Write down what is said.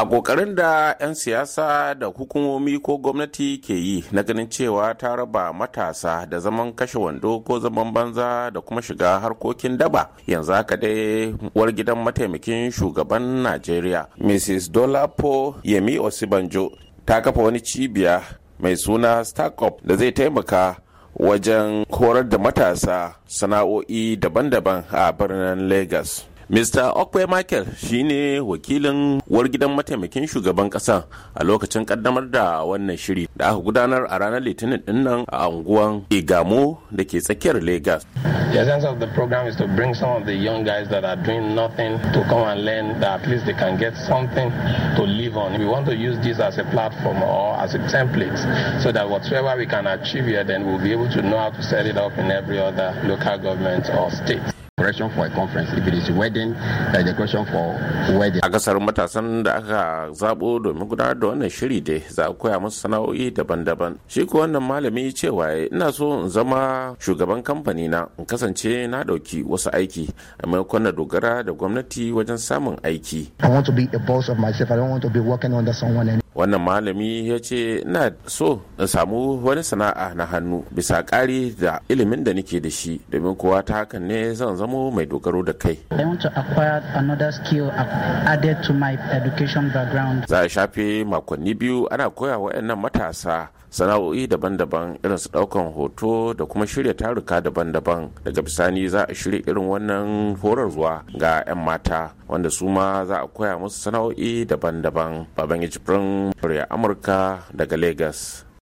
a kokarin da 'yan siyasa da hukumomi ko gwamnati ke yi na ganin cewa ta raba matasa da zaman kashe wando ko zaman banza da kuma shiga harkokin daba yanzu haka dai war gidan mataimakin shugaban najeriya mrs dolapo yemi osibanjo ta kafa wani cibiya mai suna startup da zai taimaka wajen horar da matasa sana'o'i daban-daban a birnin lagos Mr. Okwe Michael shine wakilin wargidan mataimakin shugaban kasa a lokacin kaddamar da wannan shiri da aka gudanar a ranar Litinin dinnan a unguwan Igamo da ke tsakiyar Lagos. The essence of the program is to bring some of the young guys that are doing nothing to come and learn that at least they can get something to live on. We want to use this as a platform or as a template so that whatever we can achieve here then we'll be able to know how to set it up in every other local government or state. decoration for a conference if it is wedding a decoration for wedding a kasar matasan da aka zabo domin gudanar da wannan shiri dai za a koya musu sana'o'i daban-daban shi ko wannan malami cewa ina so in zama shugaban kamfani na in kasance na dauki wasu aiki a maimakon na dogara da gwamnati wajen samun aiki i want to be a boss of myself i don't want to be working under someone wannan malami ya ce ina so in samu wani sana'a na hannu bisa ƙari da ilimin da nake da shi domin kowa ta hakan ne zan zamo mai dogaro da kai education za a shafe makonni biyu ana koya wa'annan matasa sana'o'i daban-daban irin su daukan hoto da kuma shirya taruka daban-daban daga bisani za a shirya irin wannan horarwa ga 'yan mata wanda su ma za a koya musu sana'o'i daban-daban baban ya Jamhuri ya Amurka daga Lagos.